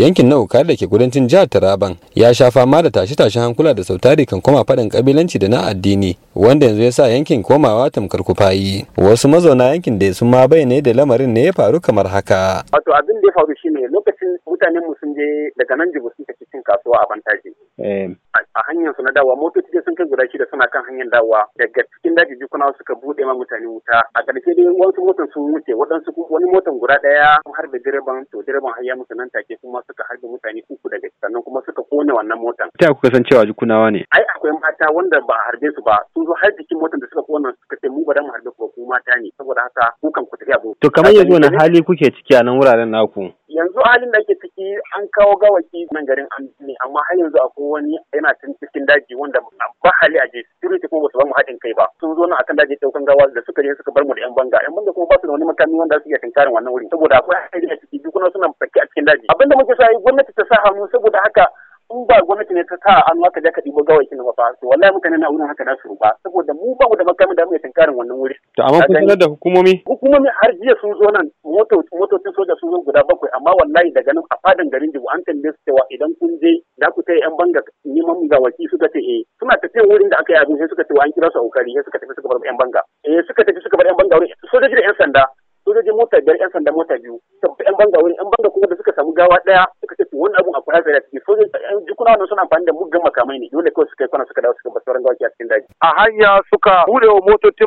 yankin na ukar da ke kudancin jihar taraban ya sha fama da tashe-tashen hankula da sautari kan koma faɗin kabilanci da na addini wanda yanzu ya sa yankin komawa tamkar kufayi wasu mazauna yankin da sun ma bayyana da lamarin ne ya faru kamar haka wato abin da ya faru shine lokacin mutanen mu sun je daga nan jibu sun tafi cin kasuwa a bantaje eh, a hanyar su na dawa motoci sun kai guda shida suna kan hanyar dawa daga cikin daji jikuna suka bude ma mutane wuta a ƙarshe dai wasu motan sun wuce waɗansu wani motan guda ɗaya sun harbe direban to direban har ya musu nan take kuma suka harbe mutane uku daga sannan kuma suka kone wannan motan. Ta kuka san cewa wa ne? Ai akwai mata wanda ba a harbe su ba sun zo har jikin motan da suka kona suka ce mu ba mu harbe ku ba ku mata ne saboda haka kukan ku tafi abu. To kamar yanzu wani hali kuke ciki a nan wuraren naku? yanzu halin da ake ciki an kawo gawaki nan garin an ne amma har yanzu akwai wani yana cin cikin daji wanda ba hali a je security kuma basu bamu haɗin kai ba sun zo nan akan daji daukan gawa da suka je suka bar mu da yan banga yan banga kuma ba su da wani makami wanda su iya tinkarin wannan wuri saboda akwai hali a ciki duk suna sake a cikin daji abinda muke sa gwamnati ta sa hannu saboda haka in ba gwamnati ne ta sa hannu aka je ka ɗibo gawakin da ba to wallahi mutane na wurin haka na su ba saboda mu ba mu da makami da mu tankarin wannan wuri to amma kun sanar da hukumomi hukumomi har jiya sun zo nan motocin soja sun zo guda bakwai amma wallahi daga nan a fadan garin Jibu an tambaye su cewa idan kun je za ku ta yan banga neman gawaki suka ce eh suna tafiya wurin da aka yi abin sai suka ce wa an kira su a kokari sai suka tafi suka bar yan banga eh suka tafi suka bar yan banga wurin sojoji da yan sanda sojoji mota biyar yan sanda mota biyu yan banga wurin yan banga kuma da suka samu gawa daya suka ce wani abun akwai hatsari a ciki sojoji eh, jikuna wannan suna amfani da muggan makamai ne dole kawai suka yi kwana suka dawo suka basu sauran gawaki a cikin daji. a hanya suka bude wa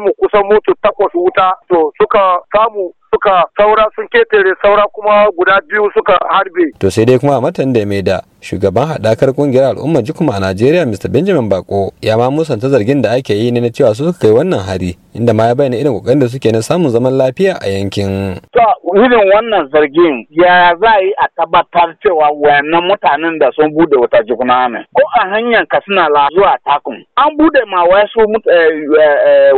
mu kusan moto takwas wuta to suka samu suka saura sun ketare saura kuma guda biyu suka harbe. To sai dai kuma a matan da mai da shugaban haɗakar ƙungiyar al'umma jikuma a Najeriya Mr. Benjamin Bako ya ma musanta zargin da ake yi ne na cewa su suka kai wannan hari inda ma ya bayyana irin ƙoƙarin da suke na samun zaman lafiya a yankin. To irin wannan zargin ya za a yi a tabbatar cewa cewa wayannan mutanen da sun bude wata jikuna ne ko a hanyar katsina la zuwa takun an bude ma eh, eh, eh,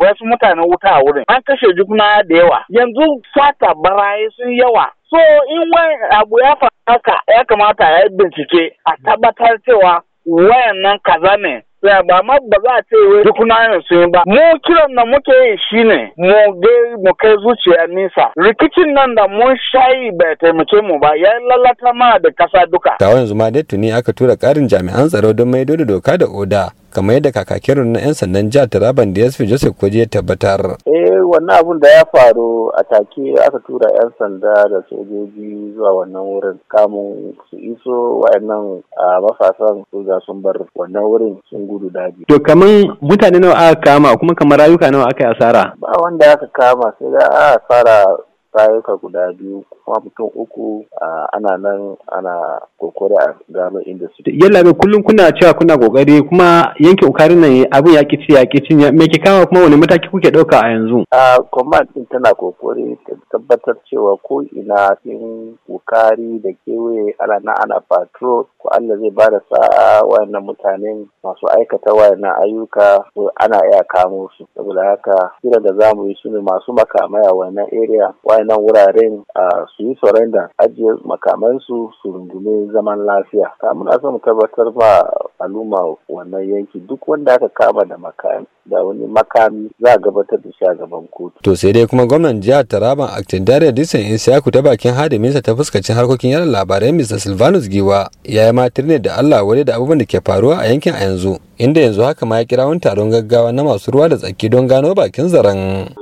wasu mutanen wuta a wurin an kashe jikuna da yawa yanzu sata barayi sun yawa so in wani abu ya faru haka ya kamata ya bincike a tabbatar cewa wayannan kaza ne tsaya ba ma ba za a ce wai duk nayin su ba mu kiran da muke yi shine mu ga mu kai zuciya nisa rikicin nan da mun shayi bai taimake mu ba ya lalata ma da kasa duka. ta yanzu ma dai tuni aka tura karin jami'an tsaro don maido da doka da oda kamar yadda kakakin na 'yan sandan jihar taraban da yasfi joseph kwaje tabbatar eh wannan abun da ya faru a take aka tura 'yan sanda da sojoji zuwa wannan wurin kamun su iso wa'annan mafasan soja sun bar wannan wurin sun gudu daji to kaman mutane nawa aka kama kuma kamar rayuka nawa aka yi asara ba wanda aka kama sai da asara rayuka guda biyu kuma mutum uku ana nan ana kokari a gano inda su yalla bai kullum kuna cewa kuna kokari kuma yanke ukari nan abin ya kici ya kici me ke kama kuma wani mataki kuke dauka a yanzu a command din tana kokari ta tabbatar cewa ko ina cikin ukari da kewaye ana nan ana patrol ko Allah zai ba da sa'a wayannan mutanen masu aikata wayannan ayyuka ana iya kamo su saboda haka kira da zamu yi su ne masu makamai a wannan area wayannan waɗannan wuraren a su yi surrender ajiye makamansu su rungume zaman lafiya ta muna mu tabbatar ba al'umma wannan yanki duk wanda aka kama da makami da wani makami za a gabatar da shi a gaban kotu to sai dai kuma gwamnan jihar Taraban Acting Dare Disan Insiyaku ta bakin hadiminsa ta fuskacin harkokin yaran labarai Mr. Silvanus Giwa ya yi matir ne da Allah wani da abubuwan da ke faruwa a yankin a yanzu inda yanzu haka ma ya kira wani taron gaggawa na masu ruwa da tsaki don gano bakin zaren.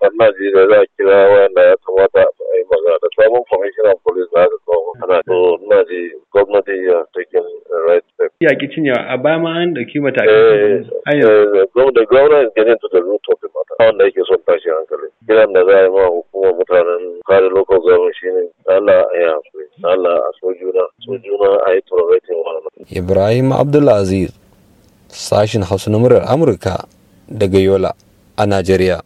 sannan ji da za a kira wanda ya kamata a yi magana da sabon kwamishinan polis na aka kawo ana to na ji gwamnati ya taken right step. Ya ki cinye a ba ma an ɗauki matakan. The government is getting to the root of the matter. Wanda yake son tashi hankali. Kiran da za a yi ma hukumar mutanen kare local government shine Allah ya hankali. Allah a so juna. So juna a yi tolerating wani. Ibrahim Abdulaziz. Sashin Hausa na Murar Amurka daga Yola a Najeriya.